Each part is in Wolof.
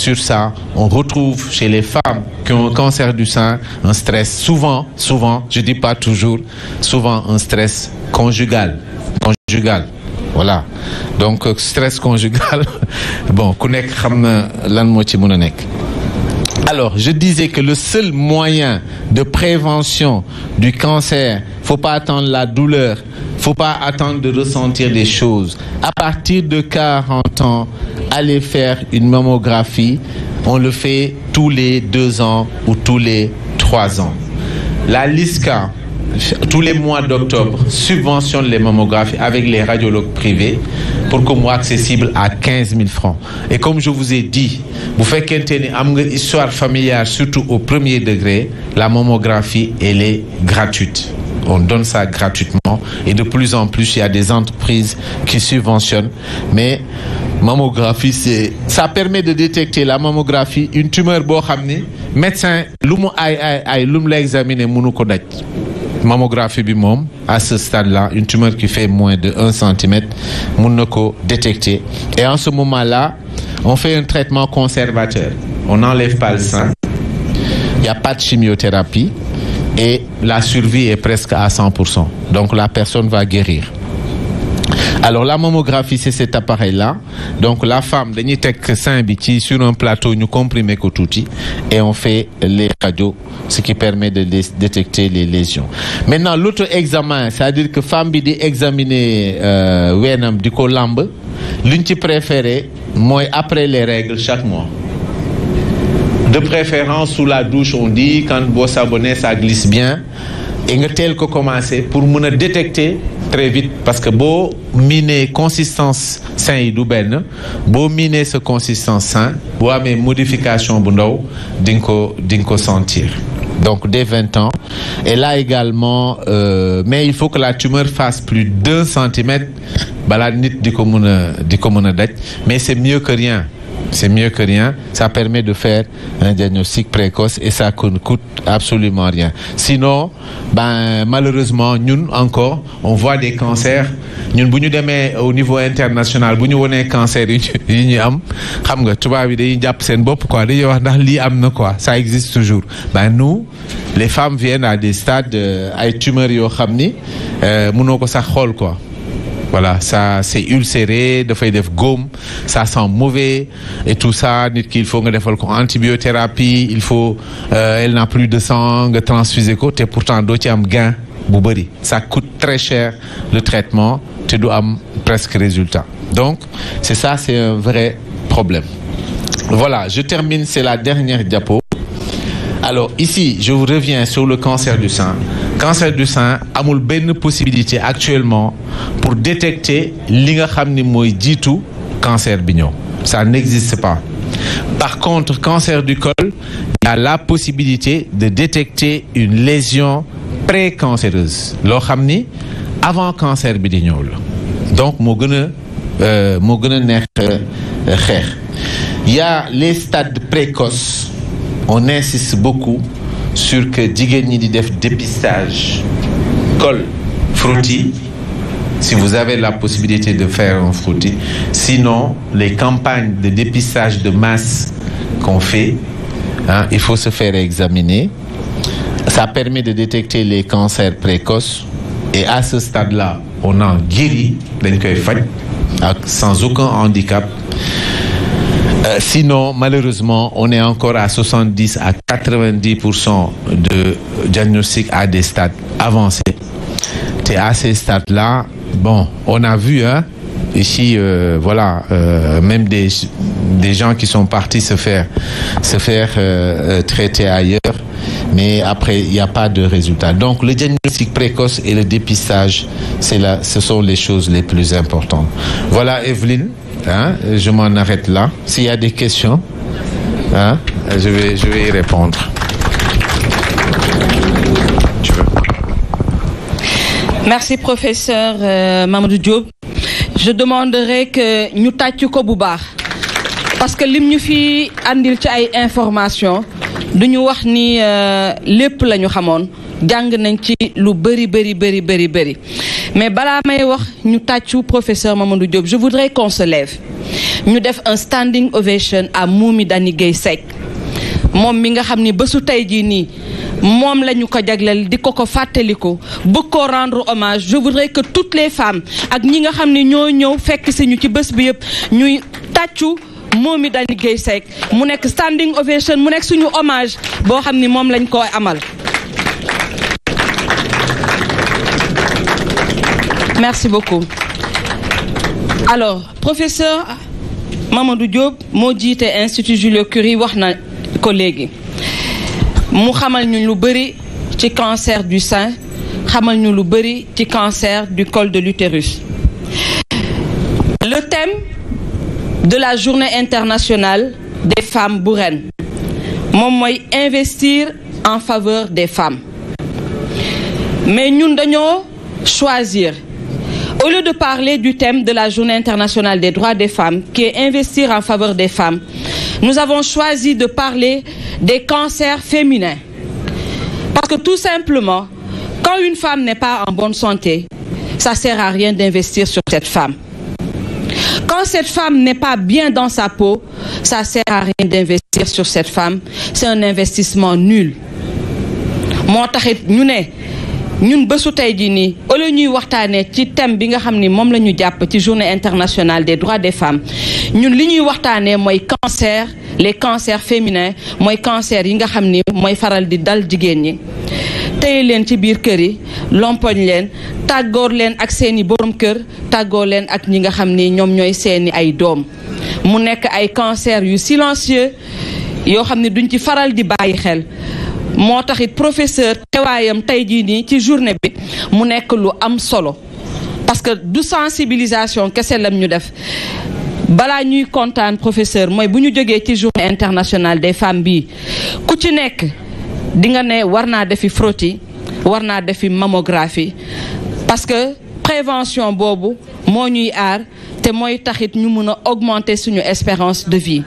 sur ça, on retrouve chez les femmes qui ont un cancer du sein un stress, souvent, souvent, je dis pas toujours, souvent un stress conjugal. Conjugal. voilà donc euh, stress conjugal bon ku nekk xam na lan moo ci mën a nekk Alors, je disais que le seul moyen de prévention du cancer, faut pas attendre la douleur, faut pas attendre de ressentir des choses. À partir de 40 ans, allez faire une mammographie. On le fait tous les deux ans ou tous les trois ans. La LISCA, tous les mois d'octobre, subventionne les mammographies avec les radiologues privés. pour que mu accessible à quinze mille francs et comme je vous ai dit bu fekkente ni am nga histoire familiale surtout au premier degré la mammographie elle est gratuite on donne ça gratuitement et de plus en plus il y a des entreprises qui subventionnent mais mammographie c'est ça permet de détecter la mammographie une tumeur boo xam ni médecin lu mu ay ay ay lu mu la mënu ko daj mammographie bi moom à ce stade-là une tumeur qui fait moins de un centimètre mun na ko détecter et en ce moment-là on fait un traitement conservateur on n'enlève pas le sang il n'y a pas de chimiothérapie et la survie est presque à 100 pour cent donc la personne va guérir alors la mammographie c'est cet appareil là donc la femme dañuy teg sein bi ci sur un plateau ñu comprimer ko tuuti et on fait les radios ce qui permet de détecter les lésions maintenant l'auto-examen c'est-à-dire que femme bi di examiner euh, weenam di ko làmb li ñu ci préféré mooy après les règles chaque mois de préférence sous la douche on dit quand boo savonné ça glisse bien et nga teel ko commencé pour mën a détecter très vite parce que boo miinee consistance sain yi du benn boo miinee sa consistance sain bo amee modification bu ndaw di nga ko di nga ko sentir donc dès vingt ans et là également euh, mais il faut que la tumeur fasse plus d'un centimètre balaa nit di ko mën a di ko mën a daj mais c'est mieux que rien c'est mieux que rien. Ça permet de faire un diagnostic précoce et ça ne coûte absolument rien. Sinon, malheureusement, nous encore, on voit des cancers. Nous, au niveau international, nous avons un cancer, ça existe toujours. Ben, nous, les femmes viennent à des stades, à euh, des tumeurs, euh, quoi voilà ça c'est ulcéré dafay def góom ça sent mauvais et tout ça nit ki il faut nga defal ko antibiothérapie il faut euh, elle n'a plus de sang nga transfuser ko te pourtant doo ci am gain bu bëri ça coûte très cher le traitement te du am presque résultat donc c'est ça c'est un vrai problème voilà je termine c'est la dernière diapo alors ici je vous reviens sur le cancer du sein cancer du sein amul benn possibilité actuellement pour détecter li nga xam ni mooy jiitu cancer bi ñëw ça n'existe pas par contre cancer du col il y a la possibilité de détecter une lésion précancéreuse loo xam ni avant cancer bi di ñëw la donc moo gën a euh, moo gën a neex euh, xeex il y a les stades précoces on insiste beaucoup sur que jigéen ñi di def dépistage col frottis si vous avez la possibilité de faire un frottis sinon les campagnes de dépistage de masse qu'on fait hein, il faut se faire examiner ça permet de détecter les cancers précoces et à ce stade-là on en guérit dañ koy faj ak sans aucun handicap Euh, sinon, malheureusement, on est encore à 70 à 90 pour cent de diagnostic à des stades avancés. Et à ces stades bon, on a vu, euh, voilà, euh, même des, des gens qui sont partis se faire, se faire euh, euh, traiter ailleurs, mais après, il n'y résultat. Donc, le diagnostic précoce et le dépistage, c'est là, ce sont les choses les plus importantes. Hein? Je m'en arrête là. S'il y a des questions, je, vais, je vais y répondre. Euh, je demanderai que ñu tàcc ko bu baax parce que lim fi àndil ci ay information du ñu wax ni euh, lépp la ñu xamoon jàng nañ ci lu bëri bëri bëri bëri bëri mais balaa may wax ñu tàccu professeur Mamadou Diop je voudrais qu'on ñu def un standing ovation à Moumi Dani Gueye Seck moom mi nga xam ni bésu tey jii nii moom la ñu ko jagleel di ko ko fàttaliku ko rendre hommage je voudrais que toutes les femmes ak ñi nga xam ni ñoo ñëw fekk si ci bés bi yëpp ñuy tàccu Moumi Dani Gueye Seck mu nekk standing ovation mu nekk suñu hommage boo xam ni moom lañ ko amal. merci beaucoup alors professeur Mamadou Diop moo jiite institut Julio Curie wax na ko léegi mu xamal lu bëri ci cancer du sein xamal ñu lu bëri ci cancer du col de l'utérus le thème de la journée internationale des femmes bu ren moom mooy investir en faveur des femmes mais ñun dañoo choisir Au lieu de parler du thème de la Journée internationale des droits des femmes, qui est investir en faveur des femmes, nous avons choisi de parler des cancers féminins. Parce que tout simplement, quand une femme n'est pas en bonne santé, ça sert à rien d'investir sur cette femme. Quand cette femme n'est pas bien dans sa peau, ça sert à rien d'investir sur cette femme. C'est un investissement nul. moo taxit ñu ne ñun bésu tey jii nii au ñuy waxtaanee ci thème bi nga xam ni moom la ñu jàpp ci journée internationale des droits des femmes ñun li ñuy waxtaanee mooy cancer les cancers féminins mooy cancer yi nga xam ni mooy faral di dal jigéen ñi. téye leen ci biir kër yi lompoñ leen tàggoor leen ak seeni borom kër tàggoor leen ak ñi nga xam ni ñoom ñooy seeni ay doom mu nekk ay cancer yu silencieux yoo xam ni duñ ci faral di bàyyi xel. moo taxit professeur teewaayam tey jii nii ci journée bi mu nekk lu am solo parce que du sensibilisation kese lam ñu def balaa ñuy kontaan professeur mooy bu ñu jógee ci journée internationale des femmes bii ku ci nekk dinga ne war naa defi frottis war naa defi mammographie parce que prévention boobu moo ñuy aar te mooy taxit ñu mun a augmenter suñu espérance de vie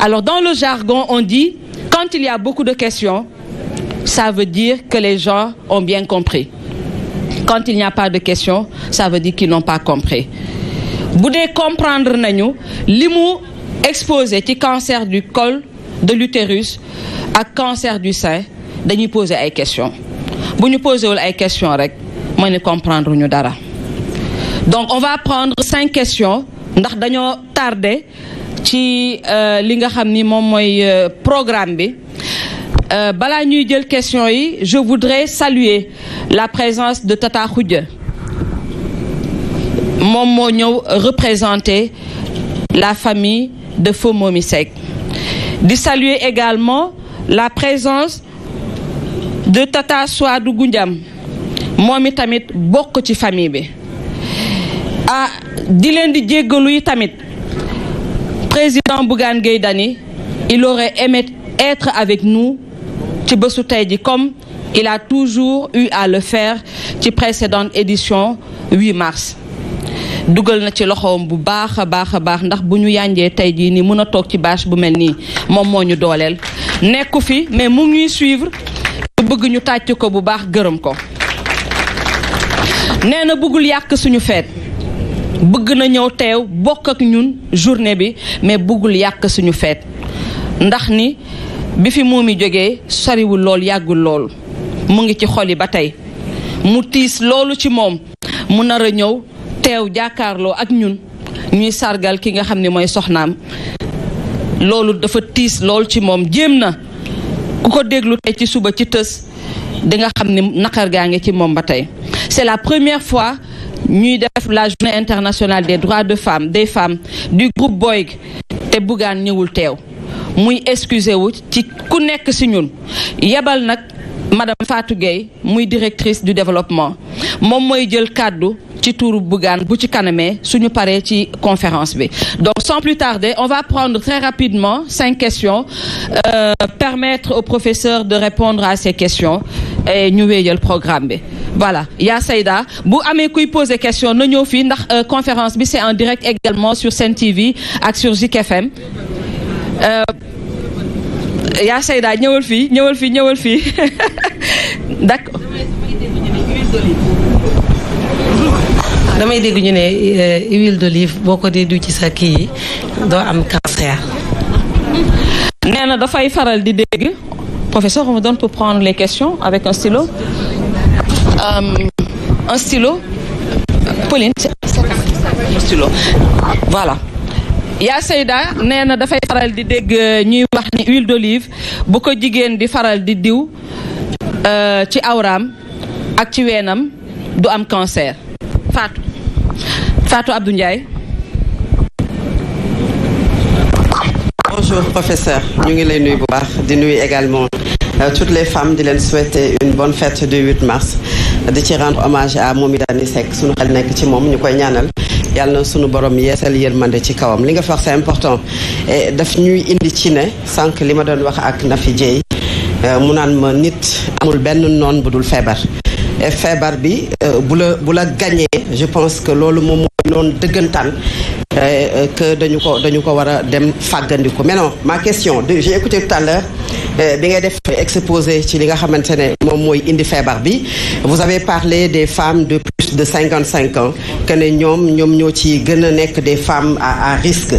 alors dans le jargon on dit quand il y beaucoup de questions ça veut dire que les gens ont bien compris quand il n'y a pas de question ça veut dire qu'ils n'ont pas compris bu dee comprendre nañu li mu exposé ci cancer du col de l'utérus ak cancer du sein dañuy poser ay questions bu ñu posé wul ay questions rek mooy ne comprendre ñu dara donc on va prendre cinq questions ndax dañoo tardé ci euh, li nga xam ni moom mooy euh, programme bi Euh, balaa ñuy jël question yi je voudrais saluer la présence de Tata Khoudia moom moo ñëw représenter la famille de Feu Momi Seck di saluer également la présence de Tata Souadou Goundiam moom i tamit bokk ci famille bi ah di leen di jéggalu tamit président Bougane Gueye Dany il aurait aimé être avec nous ci bésu tey ji comme il a toujours eu à le faire ci précédente édition 8 mars dugal na ci loxoom bu baax a baax a baax ndax bu ñu yànjee tey jii nii mën a toog ci bâche bu mel nii moom moo ñu dooleel nekku fi mais mu ngi suivre ñu bëgg ñu tàcc ko bu baax gërëm ko nee na bëggul yàq suñu feet bëgg na ñëw teew bokk ak ñun journée bi mais bëggul yàq suñu feet ndax ni bi fi muumi jógee soriwul lool yàggul lool mu ngi ci xol ba tey mu tiis loolu ci moom mu nar a ñëw teew jàkkaarloo ak ñun ñuy sargal ki nga xam ni mooy soxnaam loolu dafa tiis lool ci moom jéem na ku ko déglu tey ci suba ci tës di nga xam ne naqar gaa ngi ci moom ba tey c'est la première fois ñuy def la journée internationale des droits de femmes des femmes du groupe Boyg te Bougane ñëwul teew muy excusé wu ci ku nekk si ñun yebal nag madame Fatou muy directrice du développement moom mooy jël kàddu ci tuuru Bougane bu ci kanamee suñu paree ci conférence bi donc sans plus tarder on va prendre très rapidement cinq questions euh, permettre au professeur de répondre à ces questions et ñu wéyal programme bi voilà ya Seyda bu amee kuy poser question na ñëw fii ndax euh, conférence bi c'est en direct également sur Sen TV ak sur Zik FM Euh, yaa Seyda ñëwal fii ñëwal fii ñëwal fii d'accord damay dégg ñu ne euh, huile d'olive boo ko dee du ci sa kii yi doo am cancer. nee na dafay faral di dégg professeur on donne pour prendre les questions avec un stylo euh, un stylo Pauline un stylo voilà yaa Seyda nee na dafay faral di dégg euh, ñuy wax ni huile d'olive bu ko jigéen di faral di diw euh, ci awraam ak ci weenam du am cancer. Fatou Fatou njaay Ndiaye. Bonjour professeur ñu ngi lay nuyu bu baax di nuy également euh, toutes les femmes di leen souhaiter une bonne fête du 8 mars di ci rendre hommage à Momy Dani Seck sunu xel nekk ci moom ñu koy ñaanal. yàlla na sunu borom yeesal yërmande ci kawam li nga fa wax c'est important daf ñuy indi ci ne sànq li ma doon wax ak Nafi Dieye euh, mu naan ma nit amul benn noon bu dul feebar feebar bi euh, bu la bu la gañee je pense que loolu moom mooy noon dëggantaan euh, que dañu ko dañu ko war a dem fàggandiku mais non ma question j'ai écouté tout Euh, bi ngay def exposé ci li nga xamante ne moom mooy indi feebar bi vous avez parlé des femmes de plus de cinquante cinq ans que ne ñoom ñoom ñoo ci gën a nekk des femmes à à risque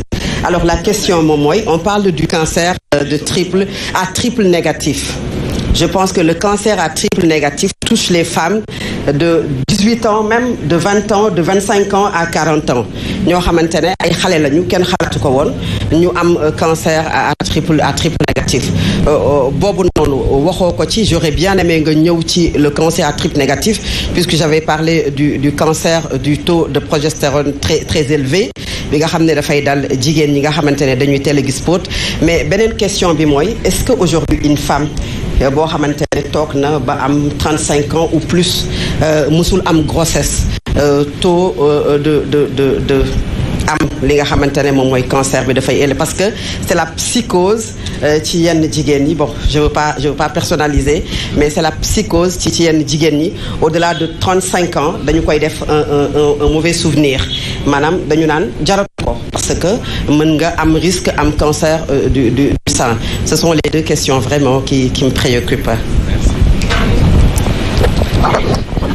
alors la question moom mooy on parle du cancer euh, de triple à triple négatif je pense que le cancer à triple négatif touche les femmes de 18 ans même de vingt ans de 25 ans à 40 ans ñoo xamante ne ay xale la ñu kenn xalaatu ko woon ñu am euh, cancer à triple à triple négatif euh, euh, boobu noonu waxoo ko ci j'aurais bien aimé nga ñëw ci le cancer à triple négatif puisque j'avais parlé du du cancer du taux de progestérone très très élevé bi nga xam ne dafay dal jigéen ñi nga xamante ne dañuy teel a gis pot mais beneen question bi mooy est-ce que aujourd'hui une femme boo xamante ne toog na ba am 35 ans ou plus Euh, musul am grossesse euh, taux euh, de de de de am li nga xamante ne moom mooy cancer bi dafay élevé parce que c'est la psychose ci yenn jigéen ñi bon je veux pas je personnaliser mais c'est la psychose ci ci yenn jigéen ñi au-delà de cinq ans dañu koy def un un un mauvais souvenir maanaam dañu naan jaratu ko parce que mën nga am risque am cancer du du du sein ce sont les deux questions vraiment qui qui me préoccupent.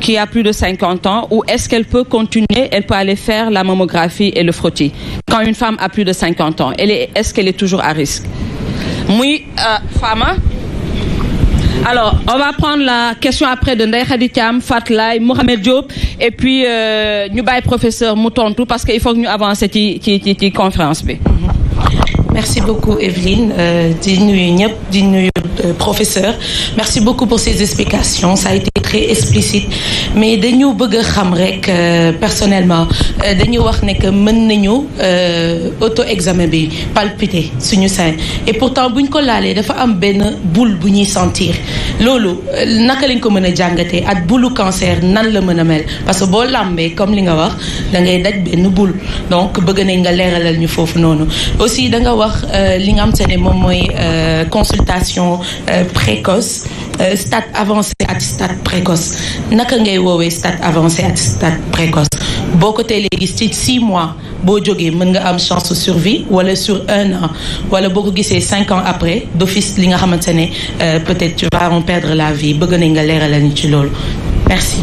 qui a plus de 50 ans ou est-ce qu'elle peut continuer, elle peut aller faire la mammographie et le frottis Quand une femme a plus de 50 ans, elle est, est-ce qu'elle est toujours à risque Oui, euh, Fama alors, on va prendre la question après de Ndeye Khady Thiam, Fatlay, Mohamed et puis euh, ñu professeur mu tontu parce que il faut que ñu avancer ci ci ci ci conférence bi. merci beaucoup Evelyne euh, ñëpp di nuyu euh, merci beaucoup pour ces explications très explicite mais dañu bëgg xam rek euh, personnellement euh, dañu wax ne que mën nañu euh, auto examen bi palpiter suñu sein et pourtant buñ ko laalee dafa am benn boule bu ñuy sentir loolu naka lañ ko mën a jàngatee ak boulu cancer nan la mën a mel parce que boo làmbee comme li nga wax da ngay daj benn bul donc bëgg nañ nga leeralal ñu foofu noonu aussi da nga wax li nga am te moom mooy consultation précoce Euh, stade avancé ak stade précoce naka ngay woowee stade avancé ak stade précoce boo côté teelee gis ci six mois boo jógee mën nga am chance survie wala sur un an wala boo ko gisee cinq ans après d'office li nga xamante ne euh, peut-être tu vas en la vie bëgg nañ nga leeralal ñu ci loolu merci.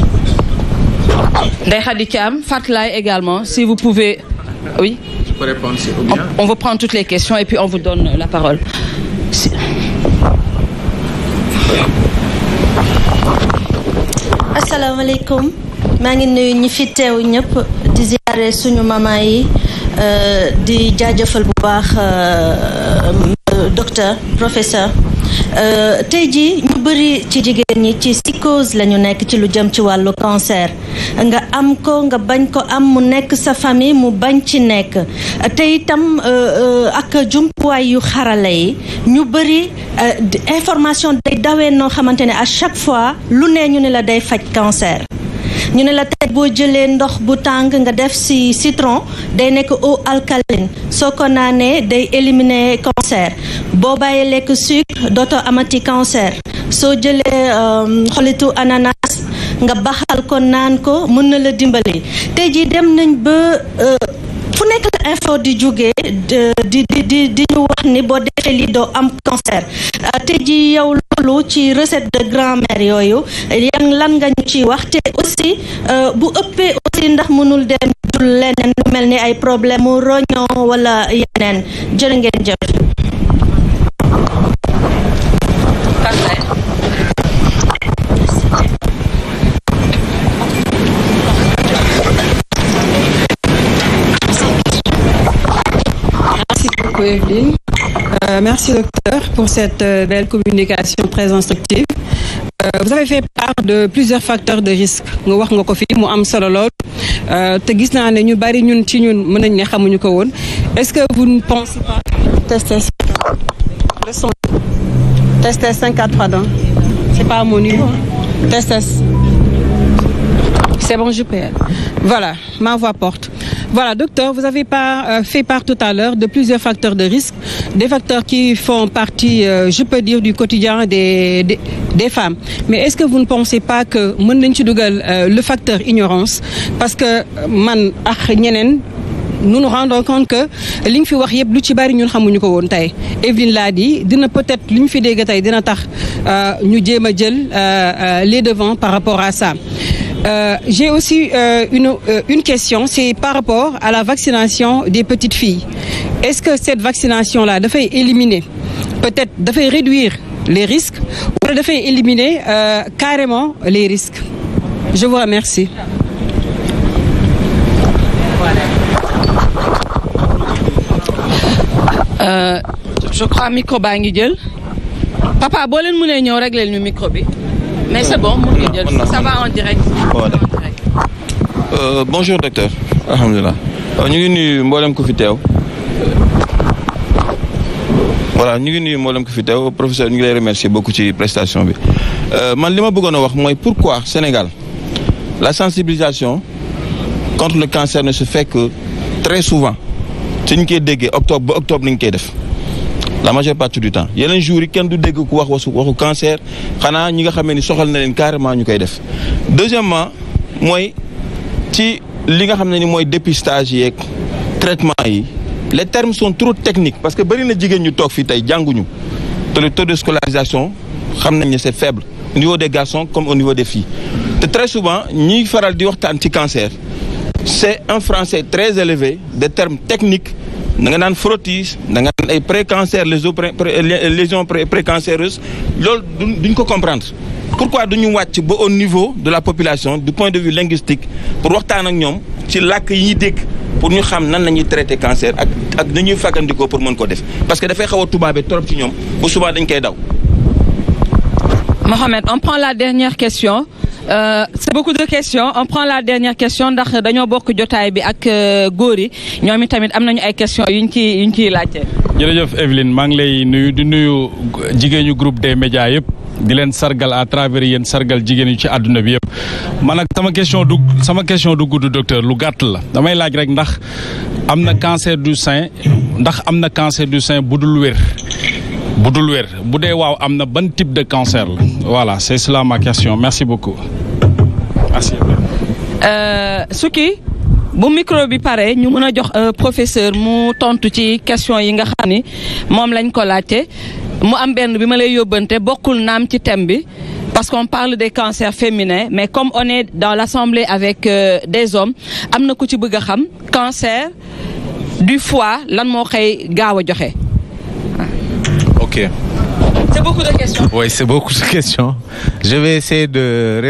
Ndeye Khady Thiam Fatlaye également si vous pouvez oui. Je On, on la parole. asalaamaaleykum maa ngi nuyu ñi fi teew ñëpp di ziare suñu mama yi euh, di jaajëfal bu baax euh, docteur professeur euh, tey jii ñu bëri ci jigéen ñi ci psychose la ñu nekk ci lu jëm ci wàllu cancer nga am ko nga bañ ko am mu nekk sa famille mu bañ ci nekk te itam euh, euh, ak jumtuwaay yu xarala yi ñu bëri information day dawee noo xamante ne à chaque fois lu nee ñu ne la day faj cancer ñu ne la tey boo jëlee ndox bu tàng nga def ci citron day nekk eau alcaline soo ko naanee day éliminer cancer boo bàyyee lekk sucre dootoo amati cancer soo jëlee euh, xolitu ananas nga baxal ko naan ko mën na la dimbali tey jii dem nañ ba euh, fu nekk la info di jóge di di di ñu wax ni boo lii doo am cancer ah, te ji yow loolu ci recette de grand-mère yooyu yan lan nga ñu ciy wax te aussi euh, bu ëppee aussi ndax mënul dem jul leneen mel ni ay problèmes mu roño wala yeneen jërë ngeen jëf Euh, merci, docteur, pour cette euh, belle communication très instructive. Euh, vous avez fait part de plusieurs facteurs de risque nga wax nga ko fi mu am solo lool te gis naa ne ñu bari ñun ci ñun mën nañ ne xamuñu ko woon est-ce que vous ne pensez pas tester leçon tester 5 à 3 donc c'est pas mon niveau tester c'est bon je voilà ma voix porte Voilà, docteur, vous avez pas euh, fait part tout à l'heure de plusieurs facteurs de risque, des facteurs qui font partie, euh, je peux dire, du quotidien des, des, des femmes. Mais est-ce que vous ne pensez pas que mën nañ ci dugal euh, le facteur ignorance parce que man ak ñeneen nous nous rendons compte que li ñu fi wax yëpp lu ci bari ñun xamuñu ko woon tey Evelyne l'a dit dina peut-être li ñu fi dégg tey dina tax ñu jéem a jël les devants par rapport à ça. Euh, j'ai aussi euh, une, euh, une question, c'est par rapport à la vaccination des petites filles. Est-ce que cette vaccination-là dafay éliminer, peut-être dafay réduire les risques ou dafay éliminer euh, carrément les risques? Je vous remercie. Euh, je crois micro baa ngi jël papa boo leen mënee ñëw régler ñu micro mais c'est bon mun nga jël ça va en direct. voilà euh, bonjour docteur. Euh, ñu ngi nuy mboolem ko fi teew. voilà ñu ngi nuyu mboolem ku fi teew professeur ñu ngi lay remercie beaucoup ci prestation bi euh, man li ma bëggoon a wax mooy pourquoi Sénégal la sensibilisation contre le cancer ne se fait que très souvent suñ koy déggee octobre ba octobre ni ñu koy def. la majeure partie du temps yeneen jours yi kenn du dégg ku wax wasu waxu cancer xanaa ñi nga xamee ni soxal na leen carrément ñu koy def deuxièmement mooy ci li nga xam ne ni mooy dépistage yeeg traitement yi les termes sont trop techniques parce que bëri na jigéen ñu toog fii tey jànguñu te le taux de scolarisation xam nañ ne c'est faible au niveau des garçons comme au niveau des filles te très souvent ñiy faral di waxtaan ci cancer c'est un français très élevé de termes techniques da nga naan frottis da nga naan ay précancer les lésions précancéreuses loolu duñ ko comprendre pourquoi duñu wàcc ba au niveau de la population du point de vue linguistique pour waxtaan ak ñoom ci làkk yi ñuy dégg pour ñu xam nan la ñuy traiter cancer ak ak ñuy fàggandikoo pour mën ko def parce que dafay xaw a tubaabe trop ci ñoom ba souvent dañ koy daw Mohamed on prend la dernière question Euh, c'est beaucoup de question on prend la dernière question ndax dañoo bokk jotaay bi ak euh, góor yi ñoom itamit am nañu ay questions yuñ ciy yuñ ciy laajte. jërëjëf Evelyne maa ngi lay nuyu di nuyu jigéen ñu groupe des médias yëpp di leen sargal à travers yéen sargal jigéen yi ci àdduna bi yëpp man ak sama question du sama question du gudd docteur lu gàtt la damay laaj rek ndax am na cancer du sein ndax am na cancer du sein bu dul wér. bu dul wér bu dee waaw am na ban type de cancer la voilà c'est cela ma question merci beaucoup merci. Euh, Suki bu micro bi pare ñu mën a jox euh, professeur mu tontu ci question yi nga xam ni moom lañ ko laajte mu am benn bi ma lay yóbbante bokkul naam ci thème bi. parce qu'on parle des cancers féminin mais comme on est dans l'assemblée avec euh, des hommes am na ku ci bëgg a xam cancer du fois lan moo koy gaaw a joxe. Ok. C'est beaucoup de questions. Oui, c'est beaucoup de questions. Je vais essayer euh,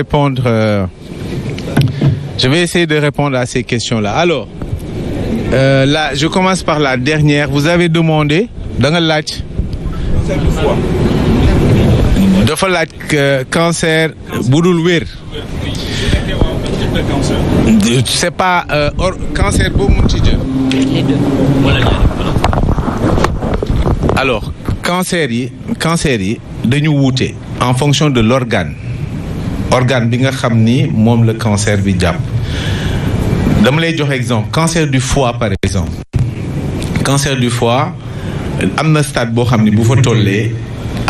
je répondre à ces questions-là. Euh, je commence par la dernière. Vous avez demandé da nga laaj. dafa laaj euh, cancer bu c'est pas euh, cancer boobu mu alors. cancer yi cancer yi dañu wuute en fonction de l'organe organe bi nga xam ni moom la cancer bi jàpp dama lay jox exemple cancer du foie par exemple cancer du foie am na stade boo xam ni bu fa tollee